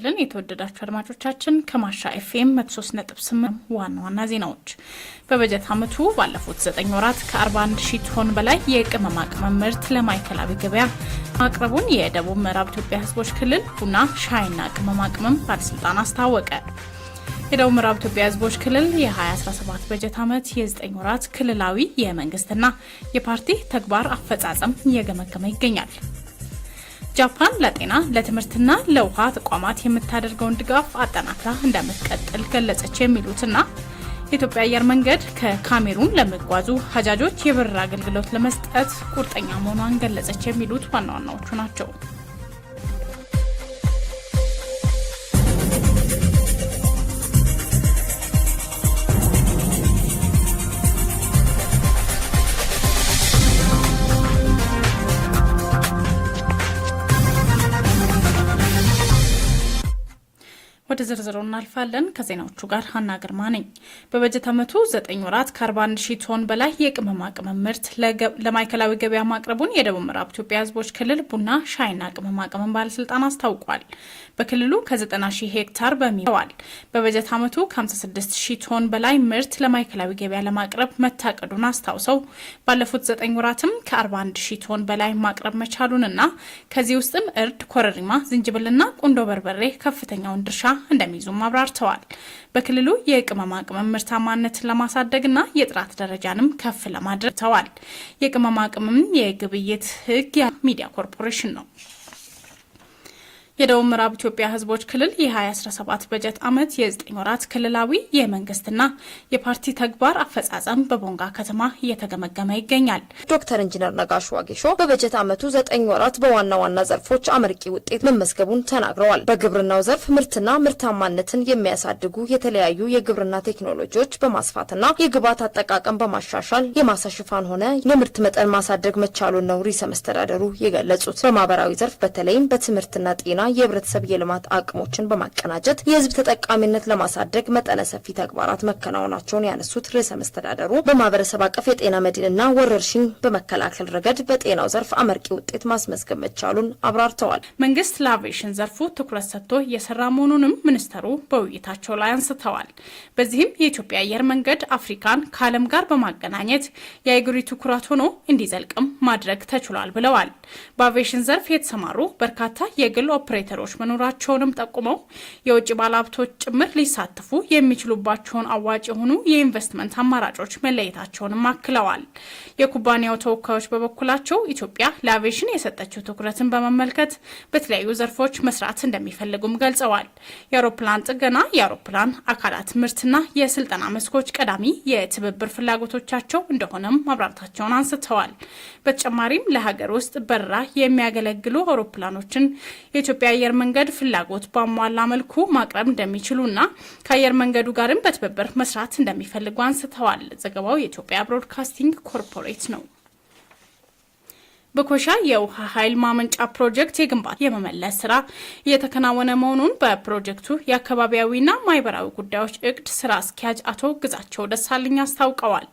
ይስጥልን የተወደዳችሁ አድማጮቻችን፣ ከማሻ ኤፍኤም 138 ዋና ዋና ዜናዎች። በበጀት ዓመቱ ባለፉት 9 ወራት ከ41 ሺ ቶን በላይ የቅመማ ቅመም ምርት ለማዕከላዊ ገበያ ማቅረቡን የደቡብ ምዕራብ ኢትዮጵያ ሕዝቦች ክልል ቡና ሻይና ቅመማ ቅመም ባለስልጣን አስታወቀ። የደቡብ ምዕራብ ኢትዮጵያ ሕዝቦች ክልል የ2017 በጀት ዓመት የ9 ወራት ክልላዊ የመንግስትና የፓርቲ ተግባር አፈጻጸም እየገመገመ ይገኛል። ጃፓን ለጤና ለትምህርትና ለውሃ ተቋማት የምታደርገውን ድጋፍ አጠናክራ እንደምትቀጥል ገለጸች። የሚሉትና የኢትዮጵያ አየር መንገድ ከካሜሩን ለሚጓዙ ሀጃጆች የበረራ አገልግሎት ለመስጠት ቁርጠኛ መሆኗን ገለጸች። የሚሉት ዋና ዋናዎቹ ናቸው። ወደ ዝርዝሩ እናልፋለን። ከዜናዎቹ ጋር ሀና ግርማ ነኝ። በበጀት ዓመቱ ዘጠኝ ወራት ከ41 ሺህ ቶን በላይ የቅመማ ቅመም ምርት ለማዕከላዊ ገበያ ማቅረቡን የደቡብ ምዕራብ ኢትዮጵያ ህዝቦች ክልል ቡና ሻይና ቅመማ ቅመም ባለስልጣን አስታውቋል። በክልሉ ከ90 ሺህ ሄክታር በሚዋል በበጀት ዓመቱ ከ56 ሺ ቶን በላይ ምርት ለማዕከላዊ ገበያ ለማቅረብ መታቀዱን አስታውሰው ባለፉት ዘጠኝ ወራትም ከ41 ሺህ ቶን በላይ ማቅረብ መቻሉንና ከዚህ ውስጥም እርድ፣ ኮረሪማ፣ ዝንጅብልና ቁንዶ በርበሬ ከፍተኛውን ድርሻ እንደሚይዙም አብራርተዋል። በክልሉ የቅመማ ቅመም ምርታማነትን ለማሳደግና የጥራት ደረጃንም ከፍ ለማድረግ ተዋል። የቅመማ ቅመም የግብይት ህግ ሚዲያ ኮርፖሬሽን ነው። የደቡብ ምዕራብ ኢትዮጵያ ህዝቦች ክልል የ2017 በጀት ዓመት የ9 ወራት ክልላዊ የመንግስትና የፓርቲ ተግባር አፈጻጸም በቦንጋ ከተማ እየተገመገመ ይገኛል። ዶክተር ኢንጂነር ነጋሽ ዋጌሾ በበጀት ዓመቱ 9 ወራት በዋና ዋና ዘርፎች አመርቂ ውጤት መመዝገቡን ተናግረዋል። በግብርናው ዘርፍ ምርትና ምርታማነትን የሚያሳድጉ የተለያዩ የግብርና ቴክኖሎጂዎች በማስፋትና የግብዓት አጠቃቀም በማሻሻል የማሳ ሽፋን ሆነ የምርት መጠን ማሳደግ መቻሉን ነው ርዕሰ መስተዳደሩ የገለጹት። በማህበራዊ ዘርፍ በተለይም በትምህርትና ጤና የህብረተሰብ የልማት አቅሞችን በማቀናጀት የህዝብ ተጠቃሚነት ለማሳደግ መጠነ ሰፊ ተግባራት መከናወናቸውን ያነሱት ርዕሰ መስተዳደሩ በማህበረሰብ አቀፍ የጤና መድንና ወረርሽኝ በመከላከል ረገድ በጤናው ዘርፍ አመርቂ ውጤት ማስመዝገብ መቻሉን አብራርተዋል። መንግስት ለአቪዬሽን ዘርፉ ትኩረት ሰጥቶ እየሰራ መሆኑንም ሚኒስተሩ በውይይታቸው ላይ አንስተዋል። በዚህም የኢትዮጵያ አየር መንገድ አፍሪካን ከዓለም ጋር በማገናኘት የአገሪቱ ኩራት ሆኖ እንዲዘልቅም ማድረግ ተችሏል ብለዋል። በአቪዬሽን ዘርፍ የተሰማሩ በርካታ የግል ኦፕሬተሮች መኖራቸውንም ጠቁመው የውጭ ባለሀብቶች ጭምር ሊሳተፉ የሚችሉባቸውን አዋጭ የሆኑ የኢንቨስትመንት አማራጮች መለየታቸውንም አክለዋል። የኩባንያው ተወካዮች በበኩላቸው ኢትዮጵያ ለአቪዬሽን የሰጠችው ትኩረትን በመመልከት በተለያዩ ዘርፎች መስራት እንደሚፈልጉም ገልጸዋል። የአውሮፕላን ጥገና፣ የአውሮፕላን አካላት ምርትና የስልጠና መስኮች ቀዳሚ የትብብር ፍላጎቶቻቸው እንደሆነም ማብራራታቸውን አንስተዋል። በተጨማሪም ለሀገር ውስጥ በረራ የሚያገለግሉ አውሮፕላኖችን የኢትዮጵያ አየር መንገድ ፍላጎት ባሟላ መልኩ ማቅረብ እንደሚችሉና ከአየር መንገዱ ጋርም በትብብር መስራት እንደሚፈልጉ አንስተዋል። ዘገባው የኢትዮጵያ ብሮድካስቲንግ ኮርፖሬት ነው። በኮሻ የውሃ ኃይል ማመንጫ ፕሮጀክት የግንባታ የመመለስ ስራ እየተከናወነ መሆኑን በፕሮጀክቱ የአካባቢያዊና ማህበራዊ ጉዳዮች እቅድ ስራ አስኪያጅ አቶ ግዛቸው ደሳልኝ አስታውቀዋል።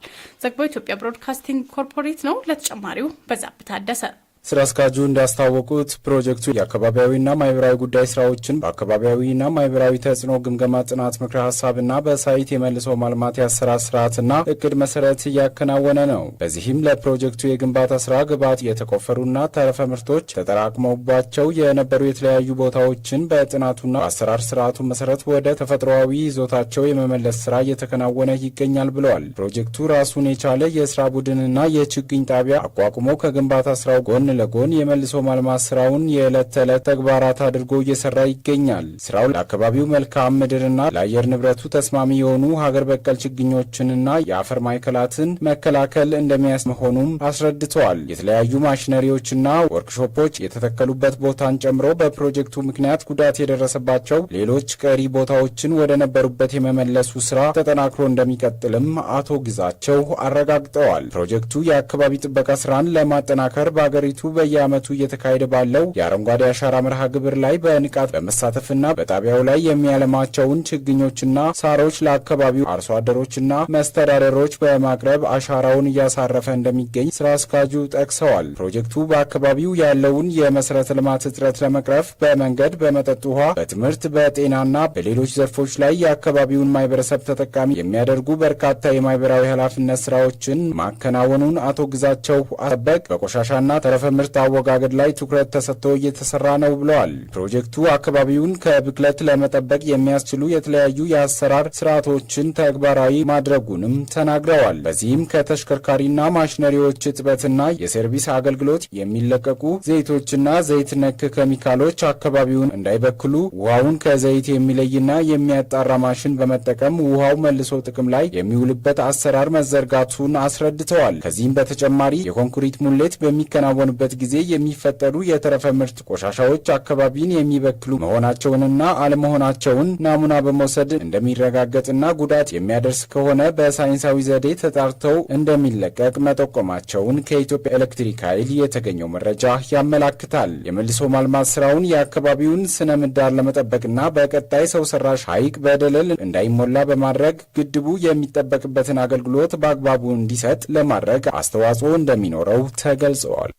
ዘግባው ኢትዮጵያ ብሮድካስቲንግ ኮርፖሬት ነው። ለተጨማሪው በዛብህ ታደሰ ስራ አስኪያጁ እንዳስታወቁት ፕሮጀክቱ የአካባቢያዊና ማህበራዊ ጉዳይ ስራዎችን በአካባቢያዊና ማህበራዊ ተጽዕኖ ግምገማ ጥናት ምክረ ሀሳብና በሳይት የመልሶ ማልማት የአሰራር ስርዓትና እቅድ መሰረት እያከናወነ ነው። በዚህም ለፕሮጀክቱ የግንባታ ስራ ግብዓት የተቆፈሩና ተረፈ ምርቶች ተጠራቅመውባቸው የነበሩ የተለያዩ ቦታዎችን በጥናቱና በአሰራር ስርዓቱ መሰረት ወደ ተፈጥሯዊ ይዞታቸው የመመለስ ስራ እየተከናወነ ይገኛል ብለዋል። ፕሮጀክቱ ራሱን የቻለ የስራ ቡድንና የችግኝ ጣቢያ አቋቁሞ ከግንባታ ስራው ጎን ለጎን የመልሶ ማልማት ስራውን የዕለት ተዕለት ተግባራት አድርጎ እየሰራ ይገኛል። ስራው ለአካባቢው መልካም ምድርና ለአየር ንብረቱ ተስማሚ የሆኑ ሀገር በቀል ችግኞችንና የአፈር ማዕከላትን መከላከል እንደሚያስ መሆኑም አስረድተዋል። የተለያዩ ማሽነሪዎችና ወርክሾፖች የተተከሉበት ቦታን ጨምሮ በፕሮጀክቱ ምክንያት ጉዳት የደረሰባቸው ሌሎች ቀሪ ቦታዎችን ወደ ነበሩበት የመመለሱ ስራ ተጠናክሮ እንደሚቀጥልም አቶ ግዛቸው አረጋግጠዋል። ፕሮጀክቱ የአካባቢ ጥበቃ ስራን ለማጠናከር በአገሪቱ ሀገሪቱ በየዓመቱ እየተካሄደ ባለው የአረንጓዴ አሻራ መርሃ ግብር ላይ በንቃት በመሳተፍና በጣቢያው ላይ የሚያለማቸውን ችግኞችና ሳሮች ለአካባቢው አርሶ አደሮችና መስተዳደሮች በማቅረብ አሻራውን እያሳረፈ እንደሚገኝ ስራ አስኪያጁ ጠቅሰዋል። ፕሮጀክቱ በአካባቢው ያለውን የመሰረተ ልማት እጥረት ለመቅረፍ በመንገድ፣ በመጠጥ ውሃ፣ በትምህርት፣ በጤናና በሌሎች ዘርፎች ላይ የአካባቢውን ማህበረሰብ ተጠቃሚ የሚያደርጉ በርካታ የማህበራዊ ኃላፊነት ስራዎችን ማከናወኑን አቶ ግዛቸው አበቅ በቆሻሻና ተረፈ ምርት አወጋገድ ላይ ትኩረት ተሰጥቶ እየተሰራ ነው ብለዋል። ፕሮጀክቱ አካባቢውን ከብክለት ለመጠበቅ የሚያስችሉ የተለያዩ የአሰራር ስርዓቶችን ተግባራዊ ማድረጉንም ተናግረዋል። በዚህም ከተሽከርካሪና ማሽነሪዎች እጥበትና የሰርቪስ አገልግሎት የሚለቀቁ ዘይቶችና ዘይት ነክ ኬሚካሎች አካባቢውን እንዳይበክሉ ውሃውን ከዘይት የሚለይና የሚያጣራ ማሽን በመጠቀም ውሃው መልሶ ጥቅም ላይ የሚውልበት አሰራር መዘርጋቱን አስረድተዋል። ከዚህም በተጨማሪ የኮንክሪት ሙሌት በሚከናወን በሚሆንበት ጊዜ የሚፈጠሩ የተረፈ ምርት ቆሻሻዎች አካባቢን የሚበክሉ መሆናቸውንና አለመሆናቸውን ናሙና በመውሰድ እንደሚረጋገጥና ጉዳት የሚያደርስ ከሆነ በሳይንሳዊ ዘዴ ተጣርተው እንደሚለቀቅ መጠቆማቸውን ከኢትዮጵያ ኤሌክትሪክ ኃይል የተገኘው መረጃ ያመላክታል። የመልሶ ማልማት ስራውን የአካባቢውን ስነ ምህዳር ለመጠበቅና በቀጣይ ሰው ሰራሽ ሐይቅ በደለል እንዳይሞላ በማድረግ ግድቡ የሚጠበቅበትን አገልግሎት በአግባቡ እንዲሰጥ ለማድረግ አስተዋጽኦ እንደሚኖረው ተገልጸዋል።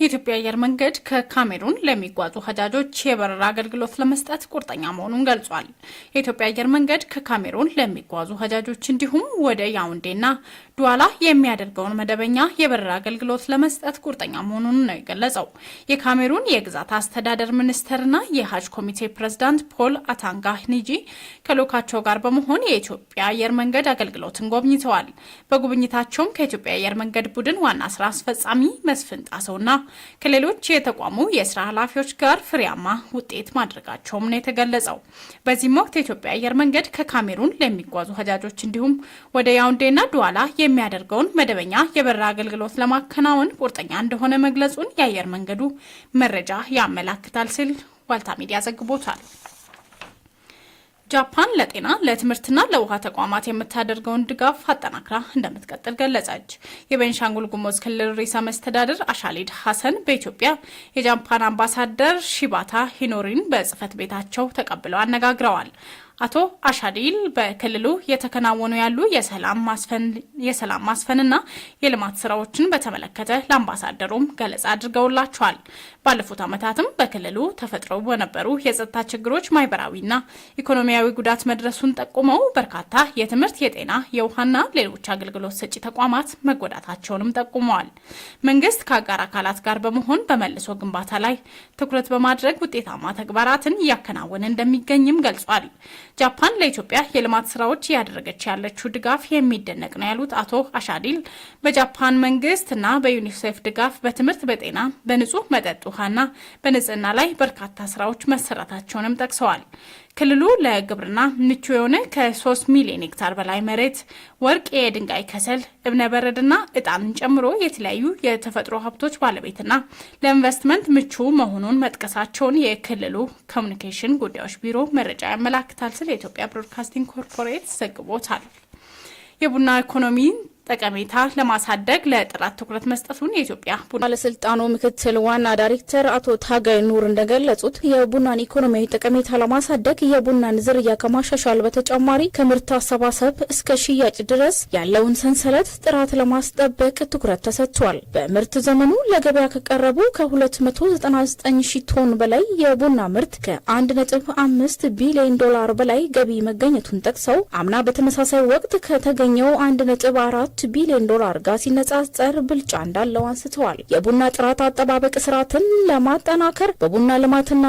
የኢትዮጵያ አየር መንገድ ከካሜሩን ለሚጓዙ ሀጃጆች የበረራ አገልግሎት ለመስጠት ቁርጠኛ መሆኑን ገልጿል። የኢትዮጵያ አየር መንገድ ከካሜሩን ለሚጓዙ ሀጃጆች እንዲሁም ወደ ያውንዴና ዱዋላ የሚያደርገውን መደበኛ የበረራ አገልግሎት ለመስጠት ቁርጠኛ መሆኑን ነው የገለጸው። የካሜሩን የግዛት አስተዳደር ሚኒስትርና የሀጅ ኮሚቴ ፕሬዝዳንት ፖል አታንጋ ኒጂ ከልዑካቸው ጋር በመሆን የኢትዮጵያ አየር መንገድ አገልግሎትን ጎብኝተዋል። በጉብኝታቸውም ከኢትዮጵያ አየር መንገድ ቡድን ዋና ስራ አስፈጻሚ መስፍን ጣሰውና ከሌሎች የተቋሙ የስራ ኃላፊዎች ጋር ፍሬያማ ውጤት ማድረጋቸውም ነው የተገለጸው። በዚህም ወቅት የኢትዮጵያ አየር መንገድ ከካሜሩን ለሚጓዙ ሀጃጆች እንዲሁም ወደ ያውንዴና ዱዋላ የሚያደርገውን መደበኛ የበረራ አገልግሎት ለማከናወን ቁርጠኛ እንደሆነ መግለጹን የአየር መንገዱ መረጃ ያመላክታል ሲል ዋልታ ሚዲያ ዘግቦታል። ጃፓን ለጤና ለትምህርትና ለውሃ ተቋማት የምታደርገውን ድጋፍ አጠናክራ እንደምትቀጥል ገለጸች። የቤንሻንጉል ጉሞዝ ክልል ርዕሰ መስተዳድር አሻሊድ ሀሰን በኢትዮጵያ የጃፓን አምባሳደር ሺባታ ሂኖሪን በጽህፈት ቤታቸው ተቀብለው አነጋግረዋል። አቶ አሻዲል በክልሉ የተከናወኑ ያሉ የሰላም ማስፈንና የልማት ስራዎችን በተመለከተ ለአምባሳደሩም ገለጻ አድርገውላቸዋል። ባለፉት ዓመታትም በክልሉ ተፈጥረው በነበሩ የጸጥታ ችግሮች ማህበራዊና ኢኮኖሚያዊ ጉዳት መድረሱን ጠቁመው በርካታ የትምህርት፣ የጤና፣ የውሃና ሌሎች አገልግሎት ሰጪ ተቋማት መጎዳታቸውንም ጠቁመዋል። መንግስት ከአጋር አካላት ጋር በመሆን በመልሶ ግንባታ ላይ ትኩረት በማድረግ ውጤታማ ተግባራትን እያከናወነ እንደሚገኝም ገልጿል። ጃፓን ለኢትዮጵያ የልማት ስራዎች እያደረገች ያለችው ድጋፍ የሚደነቅ ነው ያሉት አቶ አሻዲል በጃፓን መንግስት እና በዩኒሴፍ ድጋፍ በትምህርት፣ በጤና፣ በንጹህ መጠጥ ውሃና በንጽህና ላይ በርካታ ስራዎች መሰራታቸውንም ጠቅሰዋል። ክልሉ ለግብርና ምቹ የሆነ ከ3 ሚሊዮን ሄክታር በላይ መሬት ወርቅ፣ የድንጋይ ከሰል፣ እብነ በረድና እጣንን ጨምሮ የተለያዩ የተፈጥሮ ሀብቶች ባለቤትና ለኢንቨስትመንት ምቹ መሆኑን መጥቀሳቸውን የክልሉ ኮሚኒኬሽን ጉዳዮች ቢሮ መረጃ ያመላክታል ሲል የኢትዮጵያ ብሮድካስቲንግ ኮርፖሬት ዘግቦታል። የቡና ኢኮኖሚን ጠቀሜታ ለማሳደግ ለጥራት ትኩረት መስጠቱን የኢትዮጵያ ቡና ባለስልጣኑ ምክትል ዋና ዳይሬክተር አቶ ታጋይ ኑር እንደገለጹት የቡናን ኢኮኖሚያዊ ጠቀሜታ ለማሳደግ የቡናን ዝርያ ከማሻሻል በተጨማሪ ከምርት አሰባሰብ እስከ ሽያጭ ድረስ ያለውን ሰንሰለት ጥራት ለማስጠበቅ ትኩረት ተሰጥቷል። በምርት ዘመኑ ለገበያ ከቀረቡ ከ299 ሺ ቶን በላይ የቡና ምርት ከ1.5 ቢሊዮን ዶላር በላይ ገቢ መገኘቱን ጠቅሰው አምና በተመሳሳይ ወቅት ከተገኘው 1.4 ሁለት ቢሊዮን ዶላር ጋር ሲነጻጸር ብልጫ እንዳለው አንስተዋል። የቡና ጥራት አጠባበቅ ስርዓትን ለማጠናከር በቡና ልማትና